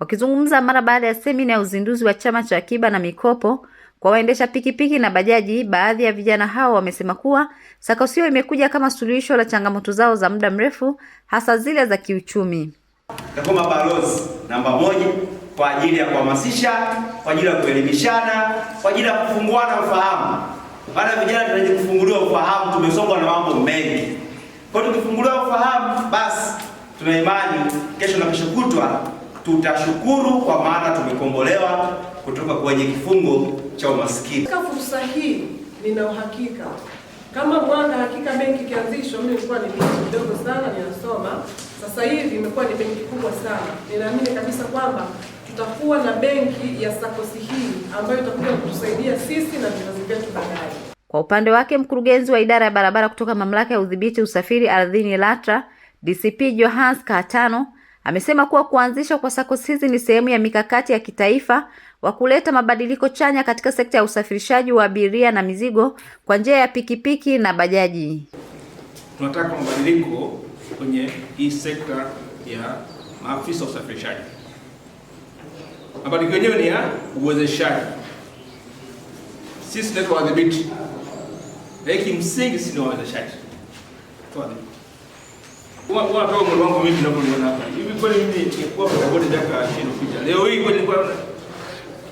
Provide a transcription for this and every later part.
Wakizungumza mara baada ya semina ya uzinduzi wa chama cha akiba na mikopo kwa waendesha pikipiki na bajaji, baadhi ya vijana hao wamesema kuwa SACCOS hiyo imekuja kama suluhisho la changamoto zao za muda mrefu, hasa zile za kiuchumi. takoma mabalozi namba moja kwa ajili ya kuhamasisha, kwa ajili ya kuelimishana, kwa ajili ya kufunguana ufahamu, maana vijana tunaje kufunguliwa ufahamu. Tumesongwa na mambo mengi, kwa hiyo tukifunguliwa ufahamu, basi tuna imani kesho na kesho kutwa tutashukuru kwa maana tumekombolewa kutoka kwenye kifungo cha umaskini. Kwa fursa hii nina uhakika kama bwana hakika benki kianzishwa, mimi nilikuwa ni benki kidogo sana ninasoma, sasa hivi imekuwa ni benki kubwa sana. Ninaamini kabisa kwamba tutakuwa na benki ya sakosi hii ambayo itakuja kutusaidia sisi na vizazi vyetu baadaye. Kwa upande wake, mkurugenzi wa idara ya barabara kutoka mamlaka ya udhibiti usafiri ardhini LATRA, DCP Johannes Katano Amesema kuwa kuanzishwa kwa SACCOS hizi ni sehemu ya mikakati ya kitaifa wa kuleta mabadiliko chanya katika sekta ya usafirishaji wa abiria na mizigo kwa njia ya pikipiki na bajaji. Tunataka mabadiliko kwenye hii sekta ya maafisa usafirishaji. Mabadiliko yenyewe ni ya uwezeshaji, sisi ndio wadhibiti, lakini kimsingi sisi ni wawezeshaji. mimi ninavyoliona hapa hivi kweli mimi nilikuwa kwa bodi daka chini kuja. Leo hii kweli nilikuwa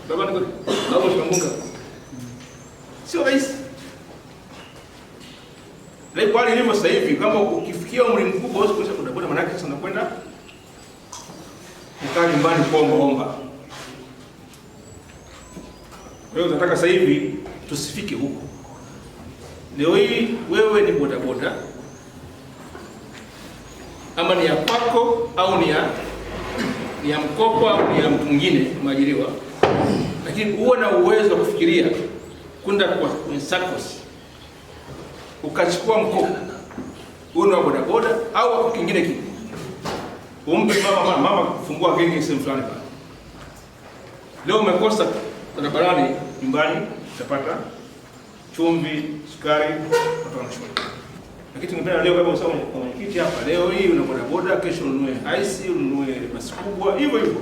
baba niko baba shikambuka. Sio rahisi. Leo kwa nilimo sasa hivi kama ukifikia umri mkubwa huwezi kuisha boda boda, maana yake sasa nakwenda kukaa nyumbani kuomba omba. Leo tunataka sasa hivi tusifike huko. Leo hii wewe ni bodaboda ama ni ya kwako au ni ya ni ya mkopo au ni ya mtu mwingine mwajiriwa, lakini uwe na uwezo wa kufikiria kunda kwa SACCOS ukachukua mkopo uwe wa bodaboda au wako kingine kile, umpe mama mama kufungua genge sehemu fulani pale. Leo umekosa barabarani, nyumbani utapata chumvi, sukari, watu wanashona lakini tungependa leo, kama usoma kwa mwenyekiti hapa, leo hii una boda boda, kesho ununue ice, ununue basi kubwa, hivyo hivyo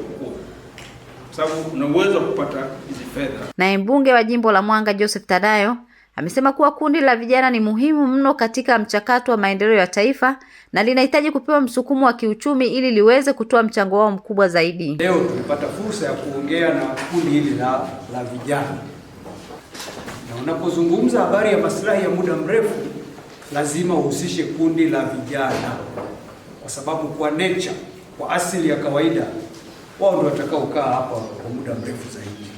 kwa sababu una uwezo wa kupata hizi fedha. Naye mbunge wa jimbo la Mwanga Joseph Tadayo amesema kuwa kundi la vijana ni muhimu mno katika mchakato wa maendeleo ya taifa na linahitaji kupewa msukumo wa kiuchumi ili liweze kutoa mchango wao mkubwa zaidi. Leo tumepata fursa ya kuongea na kundi hili la, la vijana, na unapozungumza habari ya maslahi ya muda mrefu lazima uhusishe kundi la vijana, kwa sababu kwa nature, kwa asili ya kawaida, wao ndio watakaokaa hapa kwa muda mrefu zaidi.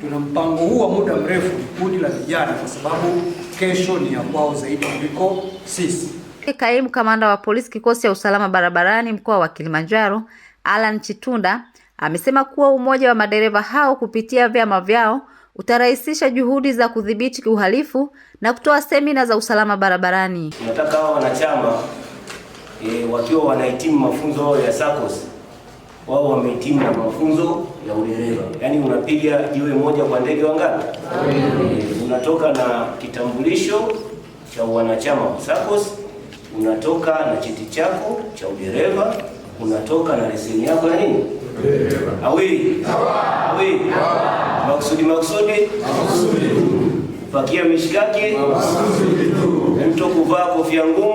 Tuna mpango huu wa muda mrefu kundi la vijana, kwa sababu kesho ni ya kwao zaidi kuliko sisi. Kaimu kamanda wa polisi kikosi cha usalama barabarani mkoa wa Kilimanjaro Alan Chitunda amesema kuwa umoja wa madereva hao kupitia vyama vyao utarahisisha juhudi za kudhibiti uhalifu na kutoa semina za usalama barabarani. Tunataka hao wanachama e, wakiwa wanahitimu mafunzo ya SACCOS wao wamehitimu na mafunzo ya udereva, yaani unapiga jiwe moja kwa ndege wangapi? E, unatoka na kitambulisho cha wanachama wa SACCOS, unatoka na cheti chako cha udereva, unatoka na leseni yako ya nini? Awili awili maksudi maksudi fakia mishikaki mtu kuvaa kofia ngumu